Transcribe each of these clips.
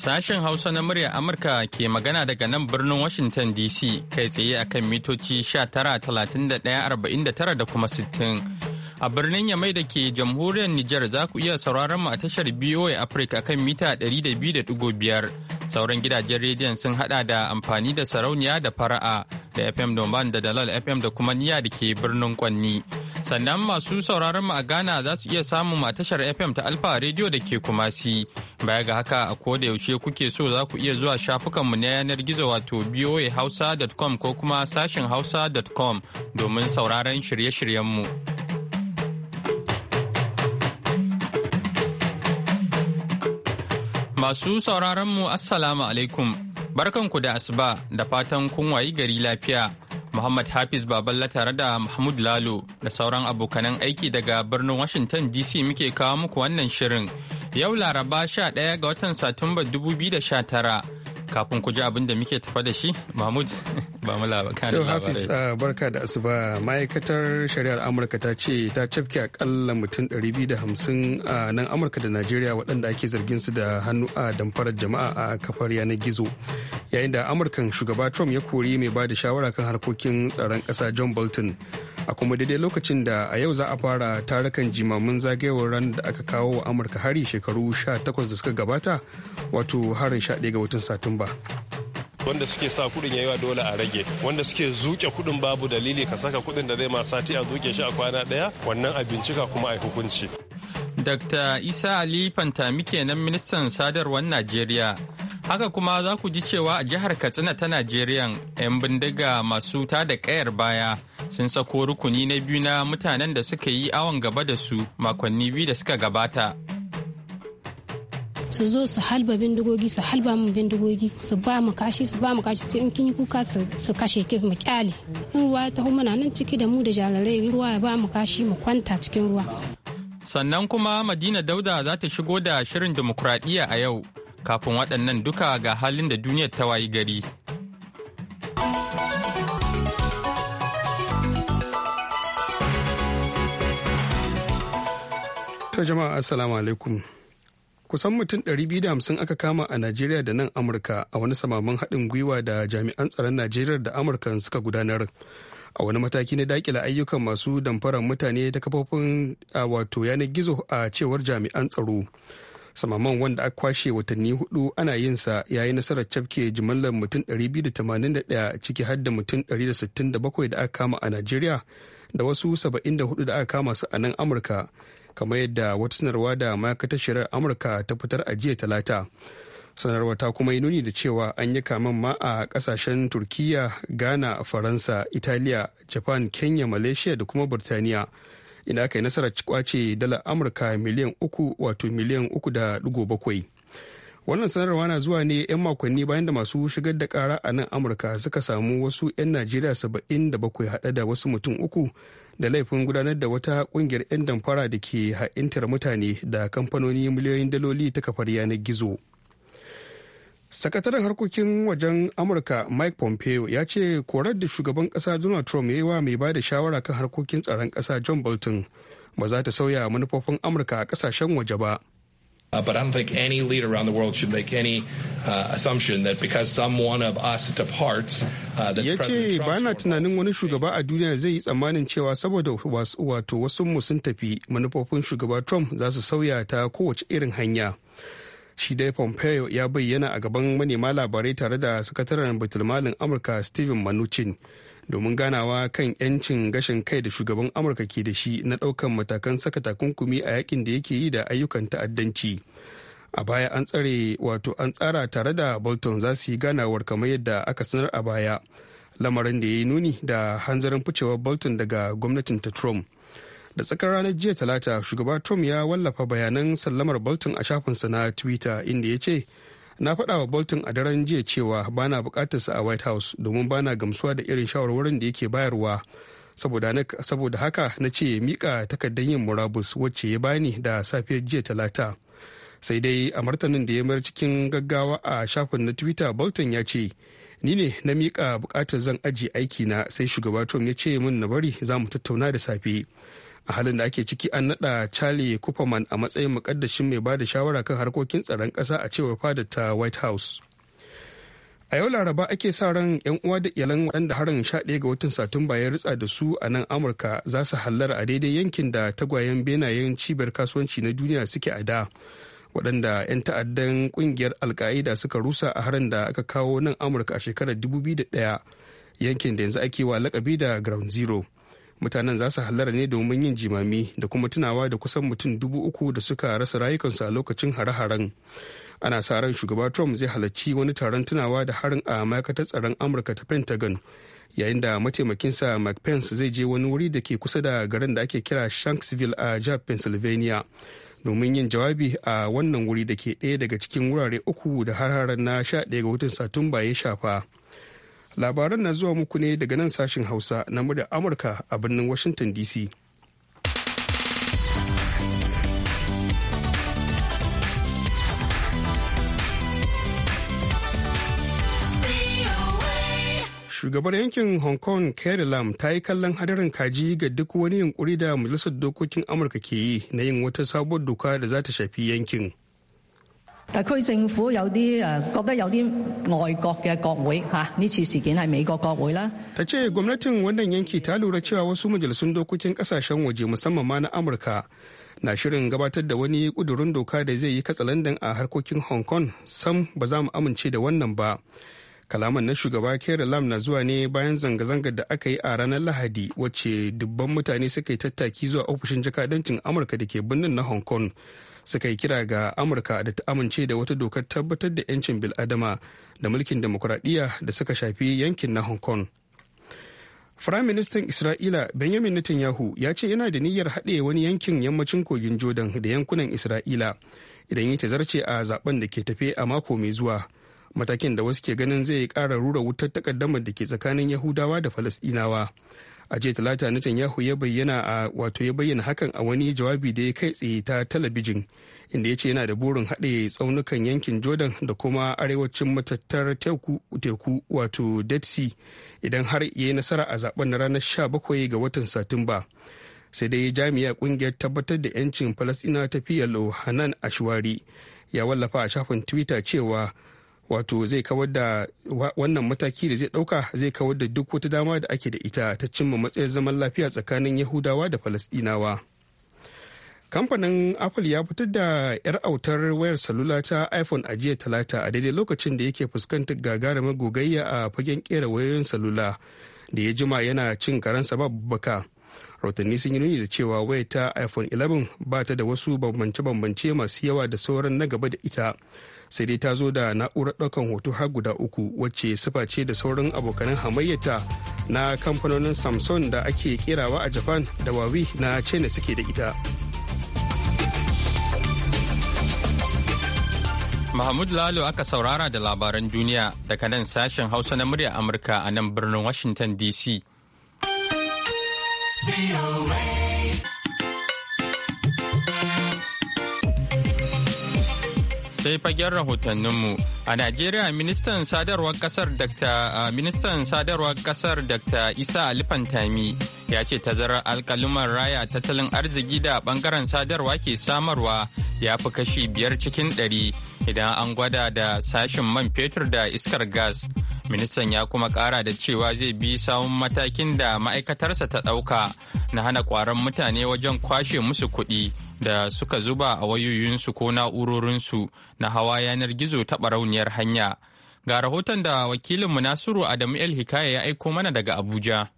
Sashen Hausa na murya Amurka ke magana daga nan birnin Washington DC kai tsaye a kan mitoci 19,31,49 da kuma 60. A birnin Yamai da ke jamhuriyar Nijar za ku iya sauraron mu a tashar BOA Africa kan mita 200.5. Sauran gidajen rediyon sun hada da amfani da sarauniya da fara'a da FM domin da Dalal FM da kuma niya da ke birnin Kwanni. Sannan masu sauraron mu a Ghana za su iya samun a tashar FM ta Alfa rediyo da ke Kumasi. Baya ga haka a koda yaushe kuke so za ku iya zuwa shafukanmu na yanar gizo wato voahausa.com ko kuma sashin hausa.com domin sauraron shirye-shiryenmu. Masu sauraronmu Assalamu alaikum, barkanku da asuba da fatan kun wayi gari lafiya. Muhammad Hafiz Baballa tare da Mahmud Lalo da sauran abokanan aiki daga birnin Washington DC muke kawo muku wannan shirin. Yau Laraba 11 ga watan Satumba 2019. kafin ku ji abin da muke tafa da shi mahmud ba mu labarai to hafiz barka da asuba ma'aikatar shari'ar amurka ta ce ta cafke akalla mutum ɗari biyu da hamsin a nan amurka da najeriya waɗanda ake zargin su da hannu a damfarar jama'a a kafar yanar gizo yayin da amurkan shugaba trump ya kori mai ba da shawara kan harkokin tsaron ƙasa john bolton a kuma daidai lokacin da a yau za a fara tarukan jimamin zagayowar ran da aka kawo wa amurka hari shekaru 18 da suka gabata wato harin 11 ga watan satumba wanda suke sa kudin yayi wa dole a rage wanda suke zuke kudin babu dalili ka saka kudin da zai ma sati a zuke shi a kwana daya wannan a bincika kuma a hukunci dr isa ali fantami kenan ministan sadarwar najeriya Haka kuma za ku ji cewa a jihar Katsina ta Najeriya 'yan bindiga masu tada kayar baya sun sako rukuni na biyu na mutanen da suka yi awon gaba da su makonni biyu da suka gabata. su zo su halba bindigogi su halba mu bindigogi su ba mu kashi su ba mu kashi sai in kin yi kuka su kashe ki mu kyale in ruwa ta muna nan ciki da mu da jarirai ruwa ya ba mu kashi mu kwanta cikin ruwa sannan kuma madina dauda za ta shigo da shirin dimokuraɗiyya a yau Kafin waɗannan duka ga halin da duniyar ta wayi gari. Ta jama'a assalamu alaikum. Kusan mutum 250 aka kama a Najeriya da nan Amurka a wani samaman haɗin gwiwa da jami'an tsaron Najeriya da Amurka suka gudanar. A wani mataki na dakila ayyukan masu damfarar mutane ta kafofin wato yanar gizo a cewar jami'an tsaro. samaman wanda aka kwashe watanni hudu ana yin sa yi nasarar cafke jimallar mutum 281 ciki har da mutum 167 da aka kama a najeriya da wasu 74 da aka kama su a nan amurka kamar yadda wata sanarwa da ma'aikatar shirar amurka ta fitar a jiya talata sanarwa ta kuma yi nuni da cewa an yi kaman ma a kasashen turkiya ghana faransa italiya japan kenya malaysia da kuma burtaniya inda aka yi nasarar kwace dalar amurka miliyan uku wato miliyan uku da digo bakwai wannan sanarwa na zuwa ne 'yan makonni bayan da masu shigar da kara a nan amurka suka samu wasu 'yan najeriya saba'in da bakwai hada da wasu mutum uku da laifin gudanar da wata kungiyar 'yan damfara da ke ha'intar mutane da kamfanoni miliyoyin daloli ta kafar yanar gizo sakataren harkokin wajen amurka mike pompeo ya ce korar da shugaban kasa donald trump ya yi wa mai ba da shawara kan harkokin tsaron kasa john bolton ba za ta sauya manufofin amurka a kasashen waje ba Uh, but I don't think make any uh, assumption that because someone of us departs, uh, that ba na tunanin wani shugaba a duniya zai yi tsammanin cewa saboda wato wasu mu sun tafi manufofin shugaba Trump za su sauya ta kowace irin hanya. shi dai pompeo ya bayyana a gaban manema labarai tare da sakataren bitulmalin amurka steven mnuchin domin ganawa kan 'yancin gashin kai da shugaban amurka ke da shi na daukan matakan saka takunkumi a yakin da yake yi da ayyukan ta'addanci a baya an tsare wato an tsara tare da bolton za su yi ganawar kamar yadda aka sanar a baya lamarin da ya yi nuni da hanzarin ficewar bolton daga gwamnatin ta trump da tsakar ranar jiya talata shugaba trump ya wallafa bayanan sallamar bolton a shafinsa na twitter inda ya ce na faɗa wa bolton a daren jiya cewa bana sa a white house domin bana gamsuwa da irin shawarwarin da yake bayarwa saboda haka na ce ya miƙa takardar yin murabus wacce ya bani da safiyar jiya talata sai dai a martanin da ya mayar cikin gaggawa a shafin na twitter bolton ya ce ni ne na mika bukatar zan aji aiki na sai shugaba trump ya ce min na bari za mu tattauna da safe a halin da ake ciki an nada charlie kuperman a matsayin makaddashin mai ba da shawara kan harkokin tsaron kasa a cewar fadar ta white house a yau laraba ake sa ran yan uwa da iyalan waɗanda harin sha 11 ga watan satumba ya ritsa da su a nan amurka za su hallara a daidai yankin da tagwayen benayen cibiyar kasuwanci na duniya suke a da waɗanda 'yan ta'addan ƙungiyar alka'ida suka rusa a harin da aka kawo nan amurka a shekarar 2001 yankin da yanzu ake wa lakabi da ground zero mutanen za su hallara ne domin yin jimami da kuma tunawa da kusan mutum dubu uku da suka rasa rayukansu a lokacin hare-haren ana sa ran shugaba trump zai halarci wani taron tunawa da harin a ma'aikatar tsaron amurka ta pentagon yayin da mataimakinsa mike pence zai je wani wuri da ke kusa da garin da ake kira shanksville a jihar pennsylvania domin yin jawabi a wannan wuri da ke ɗaya daga cikin wurare uku da har na 11 ga watan satumba ya shafa labaran na zuwa muku ne daga nan sashen hausa na muryar amurka a birnin washington dc shugabar yankin hong kong carrie lam ta yi kallon hadarin kaji ga duk wani yunkuri da majalisar dokokin amurka ke yi na yin wata sabuwar doka da za ta shafi yankin 特區政府有啲誒覺得有啲外國嘅國會嚇，呢次事件係美國國會啦。Ta ce gwamnatin wannan yanki ta lura cewa wasu dokokin kasashen waje musamman ma na Amurka na shirin gabatar da wani ƙudurin doka da zai yi katsalandan a harkokin Hong Kong sam ba za mu amince da wannan ba. Kalaman na shugaba kera Lam na zuwa ne bayan zanga-zangar da aka yi a ranar Lahadi wacce dubban mutane suka yi tattaki zuwa ofishin jakadancin Amurka da ke birnin na Hong Kong. suka yi kira ga amurka da ta amince da wata dokar tabbatar da 'yancin biladama da mulkin demokuraɗiyya da suka shafi yankin na hong kong Firayim Ministan Isra'ila Benjamin Netanyahu ya ce yana da niyyar haɗe wani yankin yammacin kogin Jordan da yankunan Isra'ila idan ya zarce a zaben da ke tafe a mako mai zuwa. Matakin da wasu ke ganin zai ƙara rura wutar takaddamar da ke tsakanin Yahudawa da Falasɗinawa. a jiya talata netanyahu ya bayyana a wato ya bayyana hakan a wani jawabi da ya kai tsaye ta talabijin inda ya ce yana da burin haɗe tsaunukan yankin jordan da kuma arewacin matattar teku wato dead sea idan har ya yi nasara a zaben na ranar sha bakwai ga watan satumba sai dai jami'a ƙungiyar tabbatar da 'yancin falasina ta plo hanan ashwari ya wallafa a shafin twitter cewa wato zai kawar da wannan mataki da zai ɗauka zai kawar da duk wata dama da ake da ita ta cimma matsayar zaman lafiya tsakanin yahudawa da falasdinawa kamfanin apple ya fitar da 'yar autar wayar salula ta iphone a jiya talata a daidai lokacin da yake fuskantar gagarumin gogayya a fagen kera wayoyin salula da ya jima yana cin karansa babbaka rahotanni sun yi nuni da cewa wayar ta iphone 11 ba ta da wasu bambance-bambance masu yawa da sauran na gaba da ita sai dai ta zo da na'urar ɗaukan hoto har guda uku wacce sifa ce da sauran abokanan hamayyata na kamfanonin samsung da ake kerawa a japan da wawi na china suke da ita Mahmud Lalo aka saurara da labaran duniya daga nan sashen Hausa na murya Amurka a nan birnin Washington DC. sai fagen rahotanninmu a najeriya ministan sadarwar kasar dr ministan sadarwar kasar dr isa alifantami ya ce tazarar alkaluman raya tattalin arziki da bangaren sadarwa ke samarwa ya fi kashi biyar cikin ɗari idan an gwada da sashen man fetur da iskar gas ministan ya kuma kara da cewa zai bi sawun matakin da ma'aikatarsa ta ɗauka na hana kwaron mutane wajen kwashe musu kuɗi da suka zuba a wayoyinsu ko na'urorinsu na hawa yanar gizo ta barauniyar hanya. Ga rahoton da wakilinmu Nasiru Adamu El Hikaya ya aiko mana daga Abuja.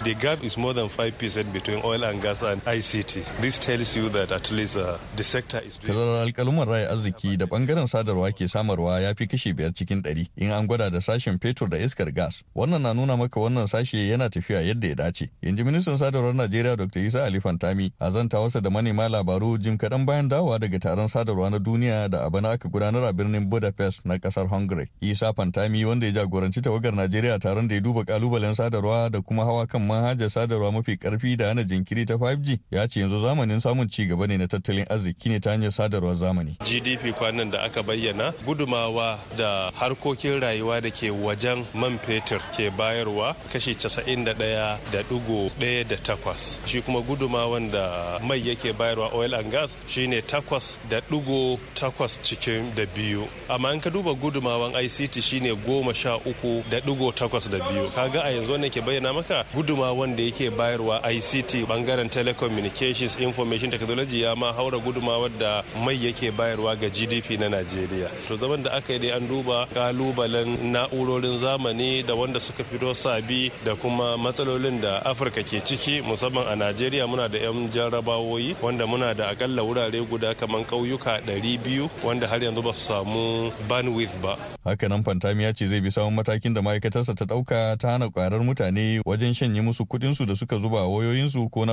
The gap is more than 5% between oil and gas and ICT. This tells you that at least uh, the sector is doing... Tazarar alkalumar raya arziki da bangaren sadarwa ke samarwa ya fi kashi biyar cikin ɗari in an gwada da sashen fetur da iskar gas. Wannan na nuna maka wannan sashe yana tafiya yadda ya dace. In ji ministan sadarwar Najeriya Dr. Isa Ali Fantami a zanta wasa da manema labaru jim kaɗan bayan dawowa daga taron sadarwa na duniya da a bana aka gudanar a birnin Budapest na ƙasar Hungary. Isa Fantami wanda ya jagoranci tawagar Najeriya taron da ya duba kalubalen sadarwa da kuma hawa kan manhajar sadarwa mafi karfi da hana jinkiri ta 5G ya ce yanzu zamanin samun ci gaba ne na tattalin arziki ne ta hanyar sadarwa zamani. GDP kwanan da aka bayyana gudumawa da harkokin rayuwa da ke wajen man fetur ke bayarwa kashi 91.18 shi kuma gudumawan da mai yake bayarwa oil and gas shine 8.8 cikin da biyu amma an ka duba gudumawan ICT shine 13.8 da biyu kaga a yanzu ne ke bayyana maka gudu guduma wanda yake bayarwa ICT bangaren telecommunications information technology ya ma haura guduma wadda mai yake bayarwa ga GDP na Najeriya. To zaman da aka yi dai an duba kalubalen na'urorin zamani da wanda suka fito sabi da kuma matsalolin da Afirka ke ciki musamman a Najeriya muna da 'yan jarabawoyi wanda muna da akalla wurare guda kamar ƙauyuka 200 wanda har yanzu ba su samu bandwidth ba. Hakanan Fantami ya ce zai bi samun matakin da ma'aikatarsa ta ɗauka ta hana kwarar mutane wajen shanye musu kuɗinsu da suka zuba a wayoyin su ko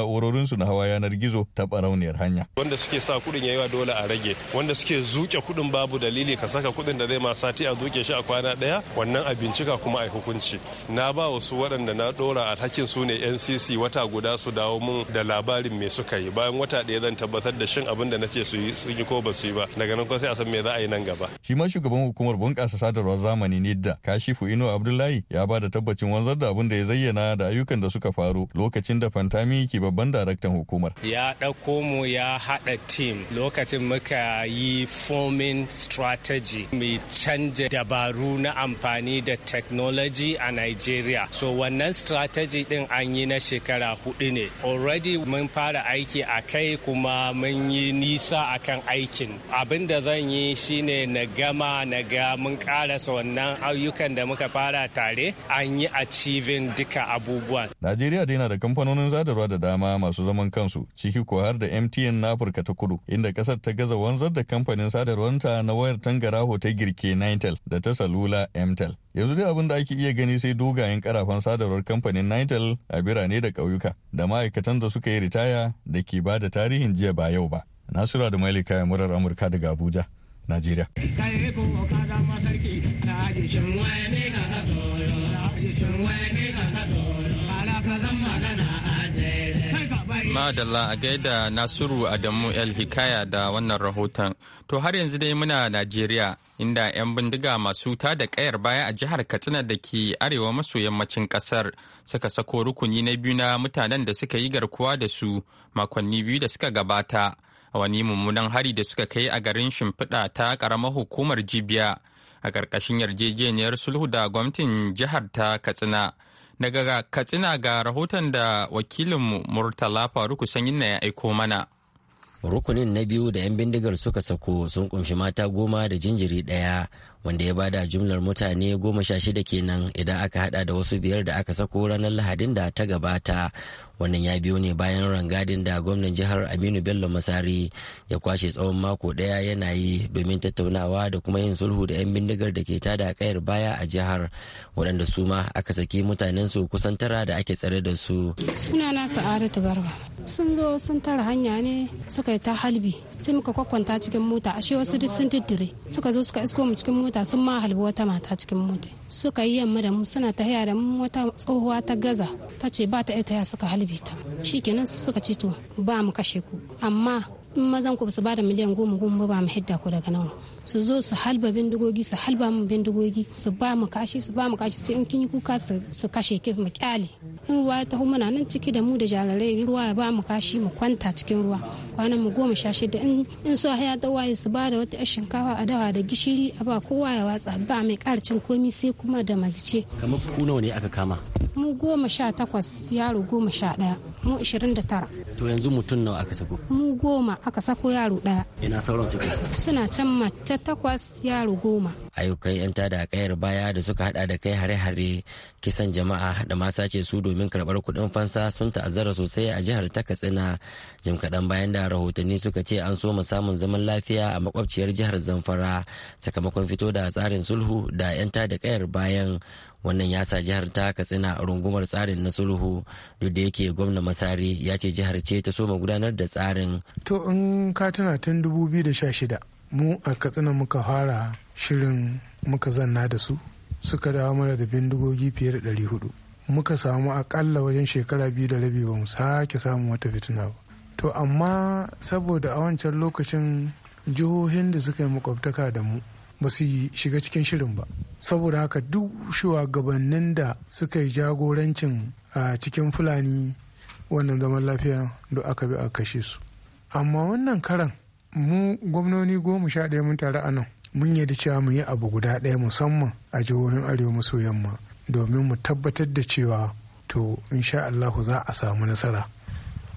su na hawa yanar gizo ta barauniyar hanya. Wanda suke sa kuɗin yayi wa dole a rage, wanda suke zuke kuɗin babu dalili ka saka kuɗin da zai ma sati a zuke shi a kwana ɗaya wannan a bincika kuma a hukunci. Na ba wasu waɗanda na ɗora alhakin su ne NCC wata guda su dawo mun da labarin me suka yi bayan wata ɗaya zan tabbatar da shin abin da na ce su yi sun yi ko ba su yi ba daga nan kuma sai a san me za a yi nan gaba. Shi ma shugaban hukumar bunkasa sadarwar zamani ne da Kashifu Ino Abdullahi ya ba da tabbacin wanzar da abin da ya zayyana da ayyukan da suka faru lokacin da Fantami ke babban daraktan hukumar. Ya ɗauko mu ya haɗa team lokacin muka yi forming strategy mai canja dabaru na amfani da technology a Nigeria. So wannan strategy ɗin an yi na shekara hudu ne. Already mun fara aiki a kai kuma mun yi nisa akan aikin. Abin da zan yi shine na gama na ga mun karasa wannan ayyukan da muka fara tare an yi achieving duka abubuwan Najeriya dai na da kamfanonin sadarwa da dama masu zaman kansu ciki ko har da MTN na Afirka ta Kudu inda kasar ta gaza wanzar da kamfanin sadarwanta na wayar tangaraho ta girke Nitel da ta salula Mtel. Yanzu dai abin da ake iya gani sai dogayen karafan sadarwar kamfanin Nitel a birane da ƙauyuka da ma'aikatan da suka yi ritaya da ke ba da tarihin jiya ba yau ba. Nasura da mali ya murar Amurka daga Abuja, Najeriya. Kai ko ka zama sarki na ajishin wani ka ka tsoro, ajishin wani Madalla a gaida Nasiru Adamu El Hikaya da wannan rahoton. To har yanzu dai muna Najeriya inda 'yan bindiga masu ta da kayar baya a jihar Katsina da ke arewa maso yammacin kasar suka sako rukuni na biyu na mutanen da suka yi garkuwa da su makonni biyu da suka gabata a wani mummunan hari da suka kai a garin shimfiɗa ta ƙaramar hukumar Jibiya a ƙarƙashin yarjejeniyar sulhu da gwamnatin jihar ta Katsina. Daga Katsina ga rahoton da wakilinmu Murtala Faruku Sanyin na ya aiko mana. Rukunin na biyu da 'yan bindigar suka sako sun kunshi mata goma da jinjiri ɗaya wanda ya bada jumlar mutane goma sha shida kenan idan aka hada da wasu biyar da aka sako ranar lahadin da ta gabata wannan ya biyo ne bayan rangadin da gwamnan jihar aminu bello masari ya kwashe tsawon mako daya yana yi domin tattaunawa da kuma yin sulhu da 'yan bindigar da ke tada kayar baya a jihar waɗanda su ma aka saki mutanen su kusan tara da ake tsare da su sunana sa'adatu barba sun zo sun tara hanya ne suka yi ta halbi sai muka kwakwanta cikin mota ashe wasu duk sun diddire suka zo suka isko mu cikin mota sun ma halbi wata mata cikin mota suka yi yamma da mu suna ta haya da mu wata tsohuwa ta gaza ta ce ba ta ita ya suka halbe ta shikenan su suka ce to ba mu kashe ku amma in mazan ku ba su ba da miliyan goma goma ba mu hidda ku daga nan su zo su halba bindigogi su halba mu bindigogi su ba mu kashi su ba mu kashi sai in kin yi kuka su kashe ki mu kyale in ruwa ya taho muna nan ciki da mu da jarirai ruwa ya ba mu kashi mu kwanta cikin ruwa kwanan mu goma sha shida in su haya da waye su ba da wata yar shinkafa a dawa da gishiri a ba kowa ya watsa ba mai karcin komi sai kuma da malice kamar ku nawa ne aka kama mu goma sha takwas yaro goma sha ɗaya mu ishirin da tara to yanzu mutum nawa aka sako mu goma aka sako yaro ɗaya ina sauran suke suna can mat ta takwas ya rugoma. Ayyukan 'yan tada kayar baya da suka hada da kai hare-hare kisan jama'a da masa ce su domin karbar kudin fansa sun ta'azzara sosai a jihar ta Katsina. Jim kaɗan bayan da rahotanni suka ce an so samun zaman lafiya a makwabciyar jihar Zamfara sakamakon fito da tsarin sulhu da 'yan tada kayar bayan wannan ya sa jihar ta katsina rungumar tsarin na sulhu duk da yake gwamna masari ya ce jihar ce ta soma gudanar da tsarin to in ka tun 2016 mu a katsina muka fara shirin muka zanna da su suka dawo mana da bindigogi fiye da ɗari hudu muka samu akalla wajen shekara biyu da rabi ba mu sake samu wata fitina ba to amma saboda a wancan lokacin jihohin da suka yi makwabtaka da mu ba su yi shiga cikin shirin ba saboda haka duk shugabannin da suka yi jagorancin a cikin fulani wannan zaman lafiya da aka bi a kashe su amma wannan karan mu gwamnoni goma sha ɗaya mun tare a nan mun yi cewa mu yi abu guda ɗaya musamman a jihohin arewa maso yamma domin mu tabbatar da cewa to insha Allahu za a samu nasara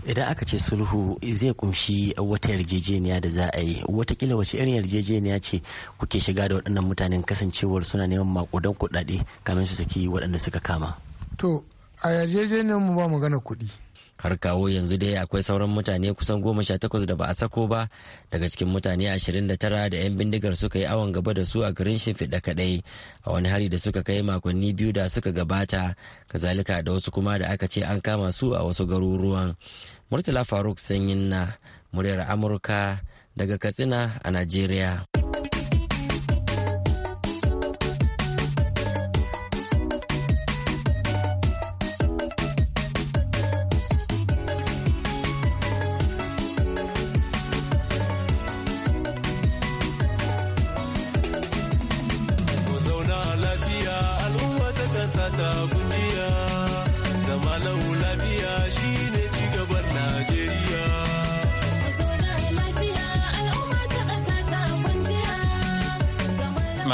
idan aka ce sulhu zai kunshi wata yarjejeniya da za a yi watakila wace irin yarjejeniya ce kuke shiga da waɗannan mutanen kasancewar suna neman makudan kuɗaɗe kamin su saki waɗanda suka kama to a yarjejeniyar mu ba magana kuɗi har kawo yanzu dai akwai sauran mutane kusan goma sha takwas da ba a sako ba daga cikin mutane ashirin da tara da 'yan bindigar suka yi awon gaba da su a garin shimfiɗa kaɗai a wani hari da suka kai makonni biyu da suka gabata kazalika da wasu kuma da aka ce an kama su a wasu garuruwan murtala faruk sanyin na muryar amurka daga katsina a najeriya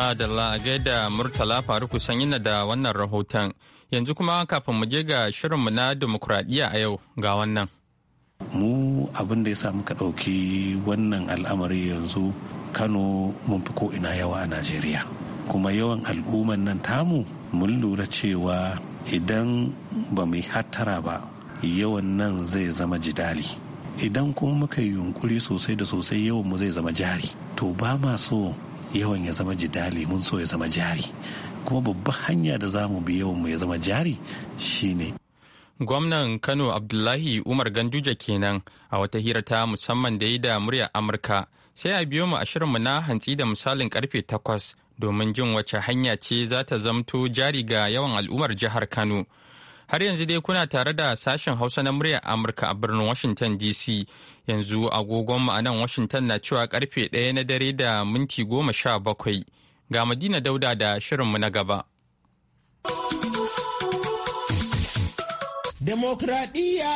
Madalla a gaida Murtala Faruku Sanyina da wannan rahoton. Yanzu kuma kafin mu je ga shirinmu na demokuraɗiyya a yau ga wannan. Mu abin da ya sa muka ɗauki wannan al'amari yanzu Kano mun fi ko'ina yawa a Najeriya. Kuma yawan al'ummar nan tamu mun lura cewa idan ba mu hattara ba yawan nan zai zama jidali. Idan kuma muka yi yunkuri sosai da sosai yawan mu zai zama jari. To ba ma so yawan ya zama jidali mun so ya zama jari kuma babban hanya da za mu bi yawan mu ya zama jari shine gwamnan kano abdullahi umar Ganduja kenan a wata hira ta musamman da yi da murya amurka sai a biyo mu a shirinmu na hantsi da misalin karfe takwas domin jin wace hanya ce za ta zamto jari ga yawan al'ummar jihar kano har yanzu dai kuna tare da sashen hausa na muryar amurka a birnin washington dc yanzu agogonmu a nan washington na cewa karfe ɗaya na dare da minti goma sha bakwai ga madina dauda da shirinmu na gaba demokradiyya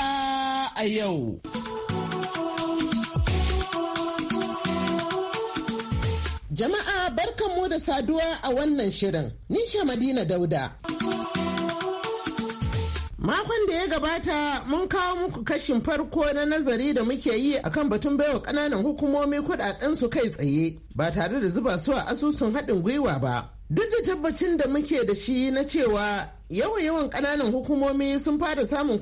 a yau jama'a barkanmu da saduwa a wannan shirin nisha madina dauda Makon da ya gabata mun kawo muku kashin farko na nazari da muke yi akan batun baiwa kananan hukumomi kudaden su kai tsaye ba tare da zuba su a asusun haɗin gwiwa ba. Duk da tabbacin da muke da shi na cewa yawa yawan kananan hukumomi sun fara samun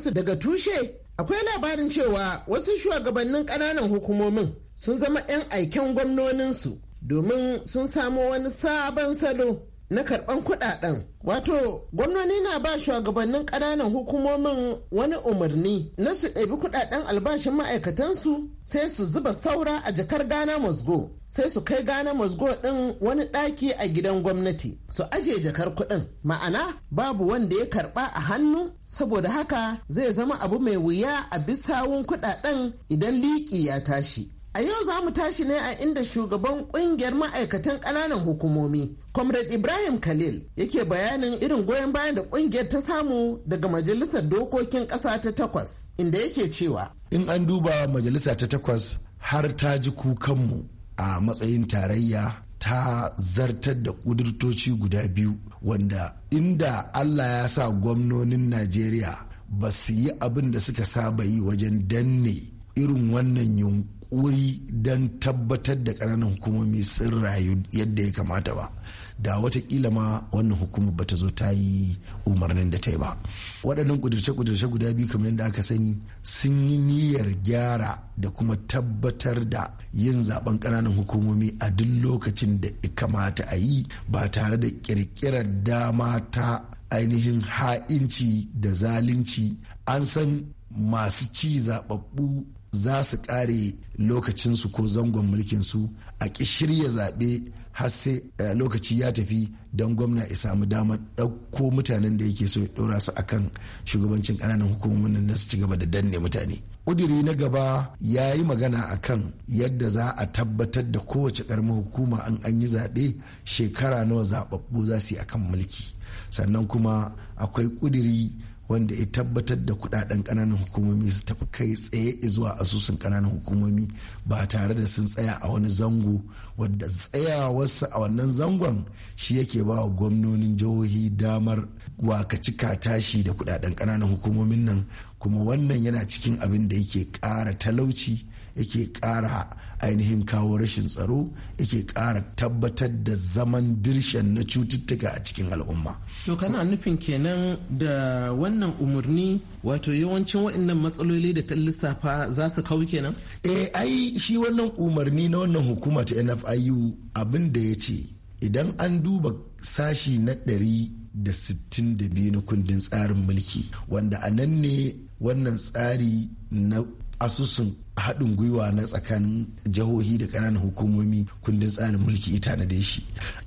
su daga tushe, akwai labarin cewa wasu shugabannin kananan hukumomin sun zama 'yan aiken gwamnoninsu domin sun samo wani sabon salo na karɓar kudaden, Wato, gwamnoni na ba shugabannin ƙananan hukumomin wani umarni na su ɗabi kudaden albashin ma'aikatansu sai su zuba saura a jakar gana mazgo Sai su kai gana mazgo ɗin wani ɗaki a gidan gwamnati. Su aje jakar kuɗin. Ma'ana, babu wanda ya karɓa a hannu, saboda haka zai zama abu mai wuya a bisawun kudaden idan liƙi ya tashi. A yau za mu tashi ne a inda shugaban ƙungiyar ma'aikatan ƙananan hukumomi Comrade Ibrahim Khalil yake bayanin irin goyon bayan da kungiyar ta samu daga Majalisar Dokokin Ƙasa ta takwas inda yake cewa. In an duba Majalisa ta takwas har ta ji kukanmu a matsayin tarayya ta zartar da ƙudurtoci guda biyu wanda inda Allah ya sa gwamnonin Najeriya ba su yi abin da suka saba yi wajen danne irin wannan wuri don tabbatar da ƙananan hukumomi sun rayu yadda ya kamata ba da watakila ma wannan ba ta zo ta yi umarnin da ta yi ba waɗannan ƙudurce-ƙudurce guda biyu kamar yadda aka sani sun yi niyyar gyara da kuma tabbatar da yin zaben ƙananan hukumomi a duk lokacin da ya kamata a yi ba tare da ƙirƙirar dama ta ainihin ha'inci da zalunci an san masu ci zaɓaɓɓu za su kare lokacinsu ko zangon mulkinsu a ƙi shirya zaɓe har sai eh, lokaci ya tafi don gwamna ya samu damar ɗauko mutanen da yake so ya ɗora su akan shugabancin ƙananan hukumomin na su ci gaba da danne mutane. Ƙudiri na gaba ya yi magana a kan yadda za a tabbatar da kowace ƙaramin hukuma an an yi zaɓe shekara nawa zaɓaɓɓu za su yi akan mulki. Sannan kuma akwai ƙudiri wanda ya tabbatar da kudaden kananan hukumomi su tafi kai tsaye zuwa asusun kananan hukumomi ba tare da sun tsaya a wani zango wadda tsayawarsa a wannan zangon shi yake ba wa gwamnonin jihohi damar cika tashi da kudaden kananan hukumomin nan kuma wannan yana cikin abin da yake ƙara talauci yake ƙara ainihin kawo rashin tsaro yake ƙara tabbatar da zaman dirshen na cututtuka a cikin al'umma. To kana nufin kenan da wannan umarni wato yawancin waɗannan matsaloli da ta lissafa za su kawo kenan? Eh ai shi wannan umarni na wannan hukuma ta NFIU abin da ya ce idan an duba sashi na ɗari da sittin da biyu na kundin tsarin mulki wanda a nan ne wannan tsari na asusun haɗin gwiwa na tsakanin jihohi da ƙananan hukumomi kundin tsarin mulki ita na da shi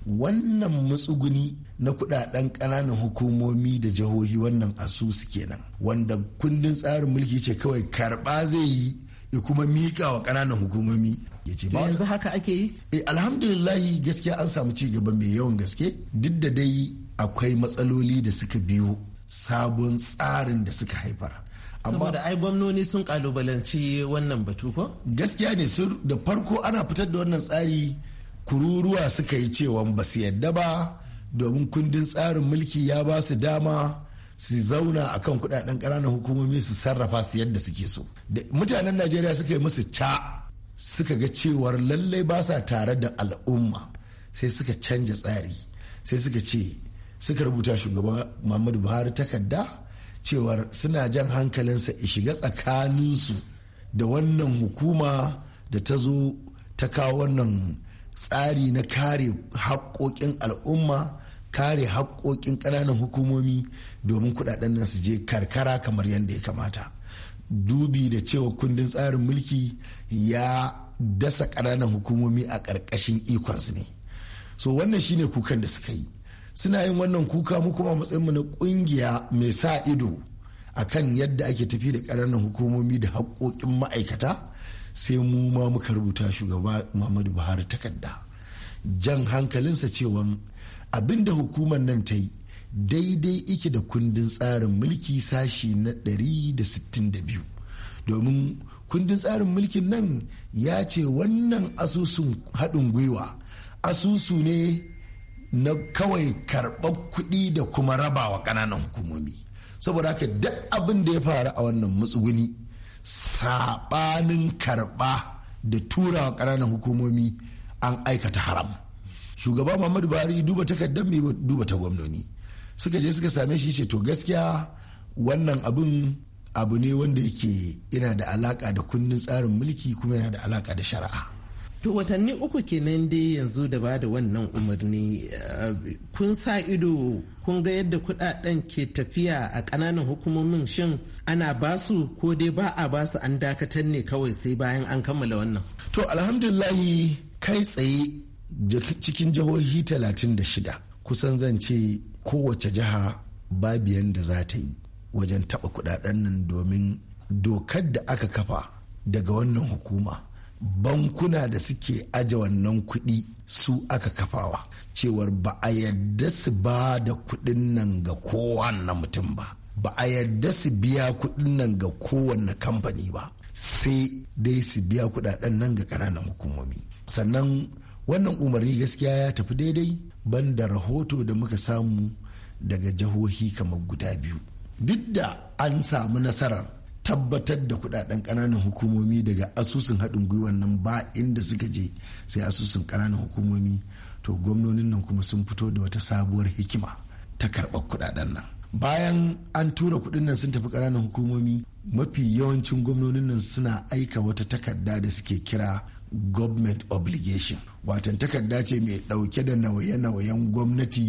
wannan matsuguni na kudaden ƙananan hukumomi da jihohi wannan asusu kenan wanda kundin tsarin mulki ce kawai karɓa zai yi ya kuma miƙa wa ƙananan hukumomi ya ce ba yanzu haka ake yi eh alhamdulillahi gaskiya an samu ci gaba mai yawan gaske duk da dai akwai matsaloli da suka biyo sabon tsarin da suka haifar saboda ai gwamnoni sun kalubalanci wannan batu ko gaskiya ne da farko ana fitar da wannan tsari kururuwa suka yi cewa ba su yadda ba domin kundin tsarin mulki ya ba su dama su zauna a kan kudaden ƙananan hukumomi su sarrafa su yadda suke so mutanen najeriya suka yi musu ca suka ga cewar lallai ba sa tare da al'umma sai suka canja tsari sai suka ce suka rubuta shugaban muhammadu buhari takarda cewar suna jan hankalinsa shiga tsakaninsu da wannan hukuma da ta zo ta kawo wannan tsari na kare haƙoƙin al'umma kare haƙoƙin ƙananan hukumomi domin kudaden nan su je karkara kamar yadda ya kamata dubi da cewa kundin tsarin mulki ya dasa ƙananan hukumomi a ƙarƙashin ikonsu ne so wannan shine kukan da suka yi suna yin wannan kuka mu kuma matsayin mu na kungiya mai sa ido akan yadda ake tafi da karanan hukumomi da haƙoƙin ma'aikata sai mu ma muka rubuta shugaba muhammadu buhari takarda jan hankalinsa cewa abinda da hukumar nan ta yi daidai ike da kundin tsarin mulki sashi na 162 domin kundin tsarin mulkin nan ya ce wannan asusun haɗin gwiwa asusu ne na kawai karɓar kuɗi da kuma rabawa ƙananan hukumomi saboda haka duk abin da ya faru a wannan matsuguni saɓanin karɓa da turawa ƙananan hukumomi an aikata haram shugaba muhammadu buhari duba takardar mai duba ta gwamnoni suka je suka same shi ce to gaskiya wannan abin abu ne wanda yake yana da alaƙa da kundin tsarin mulki kuma yana da alaka da shari'a To watanni uku kenan dai yanzu da ba da wannan umarni eh, kun sa ido kun ga yadda kudaden ke tafiya a kananan hukumomin shin ana basu ko dai ba a basu an dakatar ne kawai sai bayan an kammala wannan. To alhamdulillahi kai tsaye cikin jihohi 36 kusan zan ce kowace jiha babiyan da za ta yi wajen taɓa kudaden nan domin dokar da aka kafa daga wannan hukuma. bankuna da suke aje wannan kuɗi su aka kafawa cewar ba a yadda su ba da kuɗin nan ga kowanne mutum ba ba a yadda su biya kuɗin nan ga kowanne kamfani ba sai dai su biya kuɗaɗen nan ga ƙananan hukumomi sannan wannan umarni gaskiya ya tafi daidai banda rahoto da muka samu daga jihohi kamar guda biyu duk da an samu nasarar tabbatar da kudaden kananan hukumomi daga asusun haɗin gwiwa nan ba inda suka je sai asusun kananan hukumomi to gwamnonin nan kuma sun fito da wata sabuwar hikima ta karɓar kudaden nan bayan an tura kudin nan sun tafi kananan hukumomi mafi yawancin gwamnonin nan suna aika wata takarda da suke kira government obligation watan takarda ce mai ɗauke da nauye-nauyen gwamnati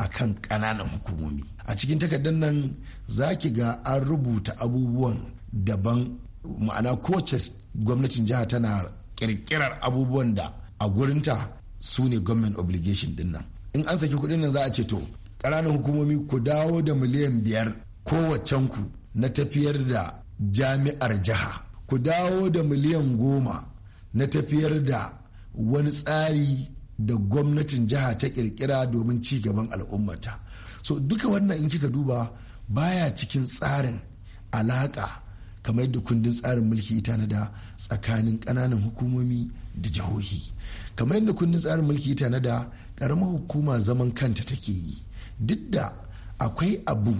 a kan ƙananan hukumomi a cikin takardar nan za ki ga an rubuta abubuwan daban ma'ana kowace gwamnatin jiha tana ƙirƙirar abubuwan da a gurinta su ne government obligation din nan in an saki kuɗin nan za a ce to ƙananan hukumomi ku dawo da miliyan biyar kowaccen ku na tafiyar da jami'ar jiha ku dawo da miliyan goma na tafiyar da wani tsari da gwamnatin jiha ta kirkira domin ci gaban al'ummata so duka wannan in kika duba baya cikin tsarin alaka kamar yadda kundin tsarin mulki ita na da tsakanin ƙananan hukumomi da jihohi kamar yadda kundin tsarin mulki ita na da ƙaramar hukuma zaman kanta take yi duk da akwai abu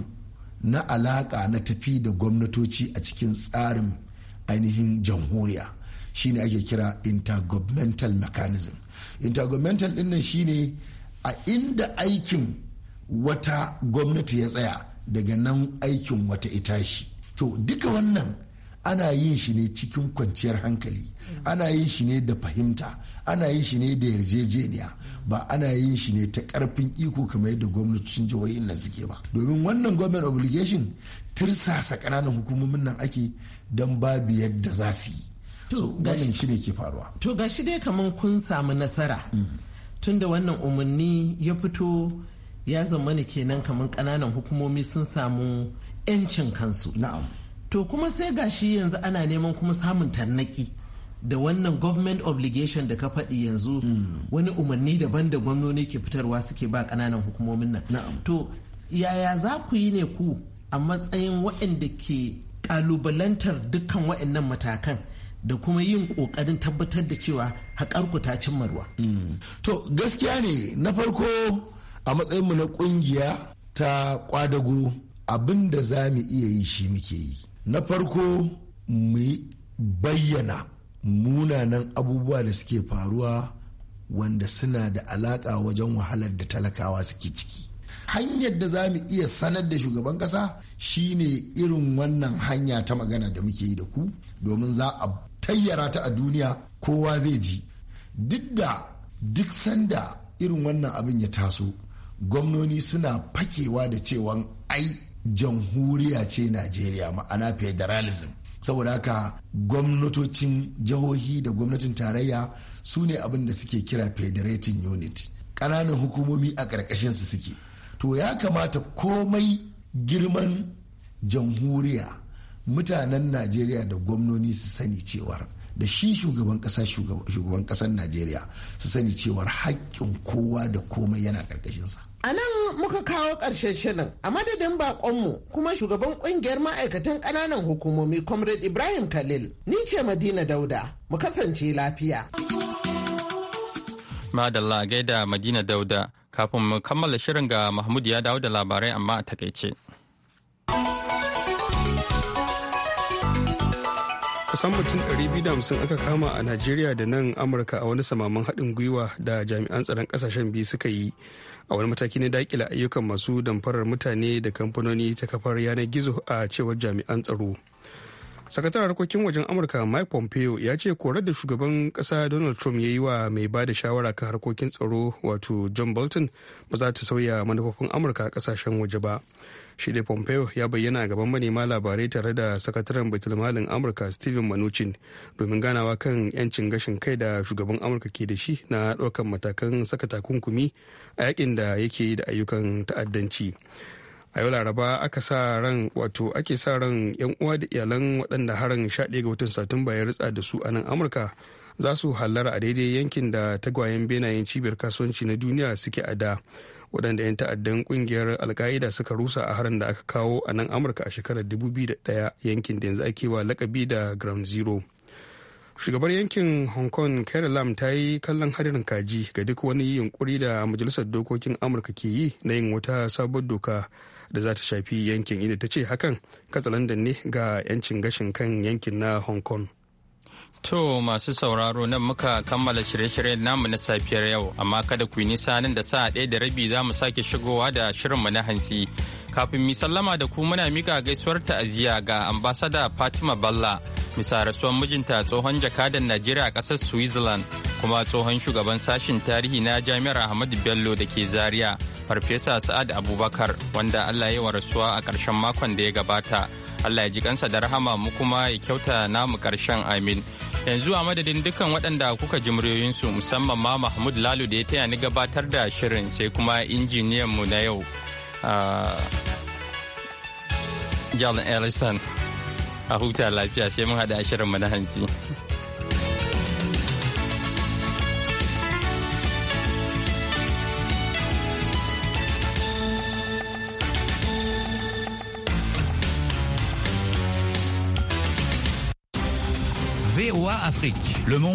na alaƙa na tafi da gwamnatoci a cikin tsarin ainihin jamhuriya shine ake kira intergovernmental mechanism intergovernmental din nan shine a inda aikin wata gwamnati ya tsaya daga nan aikin wata ita shi to duka wannan ana yin shi ne cikin kwanciyar hankali ana yin shi ne da fahimta ana yin shi ne da yarjejeniya ba ana yin shi ne ta karfin iko kamar yadda gwamnatocin jihohin nan suke ba domin wannan government obligation tirsasa ƙananan hukumomin nan ake don babu yadda za su yi to wannan shi ne ke faruwa to ga shi dai kamar kun samu nasara mm. tunda wannan umarni ya fito ya zama ne kenan kamar ƙananan hukumomi sun samu 'yancin kansu na'am to kuma sai ga shi yanzu ana neman kuma samun tarnaki da wannan government obligation da ka faɗi yanzu mm. wani umarni daban da gwamnoni ke fitarwa suke ba ƙananan hukumomin nan to yaya za ku yi ne ku a matsayin waɗanda ke ƙalubalantar dukkan waɗannan matakan da kuma yin kokarin tabbatar da cewa haƙarku ta cimma ruwa. To gaskiya ne na farko a matsayin mu na ƙungiya ta kwadago abin da za mu iya yi shi muke yi. Na farko mu bayyana munanan abubuwa da suke faruwa wanda suna da alaƙa wajen wahalar da talakawa suke ciki. hanyar da za mu iya sanar da shugaban kasa shine irin wannan hanya ta magana da muke yi da ku domin za a tayyara ta a duniya kowa zai ji duk da duk sanda irin wannan abin ya taso gwamnoni suna fakewa da cewan ai jamhuriya ce najeriya ma'ana federalism saboda haka gwamnatocin jihohi da gwamnatin tarayya su ne abin da suke kira federating unit ƙananan hukumomi a ƙarƙashinsu suke to ya kamata komai girman jamhuriya mutanen najeriya da gwamnoni su sani cewar da shi shugaban kasa shugaban kasar najeriya su sani cewar hakkin kowa da komai yana ƙarƙashinsa a nan muka kawo ƙarshen shirin a madadin baƙonmu kuma shugaban ƙungiyar ma'aikatan ƙananan hukumomi comrade ibrahim khalil ni ce madina dauda mu kasance lafiya madalla gaida madina dauda kafin mu kammala shirin ga mahmud ya dawo da labarai amma a takaice. kusan mutum 250 aka kama a najeriya da nan amurka a wani samaman haɗin gwiwa da jami'an tsaron ƙasashen biyu suka yi a wani mataki na daƙila ayyukan masu damfarar mutane da kamfanoni ta kafar yanar gizo a cewar jami'an tsaro sakataren harkokin wajen amurka mike pompeo ya ce korar da shugaban kasa donald trump ya yi wa mai ba da shawara kan harkokin tsaro wato john bolton ba za ta sauya manufofin amurka kasashen waje ba shi da pompeo ya bayyana gaban manema labarai tare da sakataren baitulmalin amurka stephen mnuchin domin ganawa kan yancin gashin kai da shugaban amurka ke da shi na ɗaukan matakan saka takunkumi a yakin da yake da ayyukan ta'addanci a yau laraba aka sa ran wato ake sa ran yan uwa da iyalan waɗanda harin 11 ga watan satumba ya ritsa da su a nan amurka za su hallara a daidai yankin da tagwayen benayen cibiyar kasuwanci na duniya suke a da waɗanda 'yan ta'addan ƙungiyar alka'ida suka rusa a harin da aka kawo a nan amurka a shekarar 2001 yankin da yanzu ake wa lakabi da gram zero shugabar yankin hong kong carrie lam ta yi kallon hadarin kaji ga duk wani yunkuri da majalisar dokokin amurka ke yi na yin wata sabon doka da za ta shafi yankin inda ta ce hakan katsalandan ne ga 'yancin gashin kan yankin na hong kong To masu sauraro nan muka kammala shirye-shiryen namu na safiyar yau, amma kada ku yi nisa nan da sa'a ɗaya da rabi za mu sake shigowa da shirinmu na hansi. Kafin mi sallama da ku muna mika gaisuwar ta'aziyya ga ambasada Fatima Balla, bisa rasuwar mijinta tsohon jakadan Najeriya a ƙasar Switzerland. kuma tsohon shugaban sashen tarihi na jami'ar ahmadu bello da ke zaria farfesa sa'ad abubakar wanda allah ya rasuwa a ƙarshen makon da ya gabata allah ya ji kansa da rahama mu kuma ya kyauta namu ƙarshen amin yanzu a madadin dukkan waɗanda kuka ji muryoyinsu musamman ma mahmud lalu da ya taya ni gabatar da shirin sai kuma injiniyan mu na yau ah, Jalen Ellison a huta lafiya sai mun haɗa mu na hanzi. Afrique. Le monde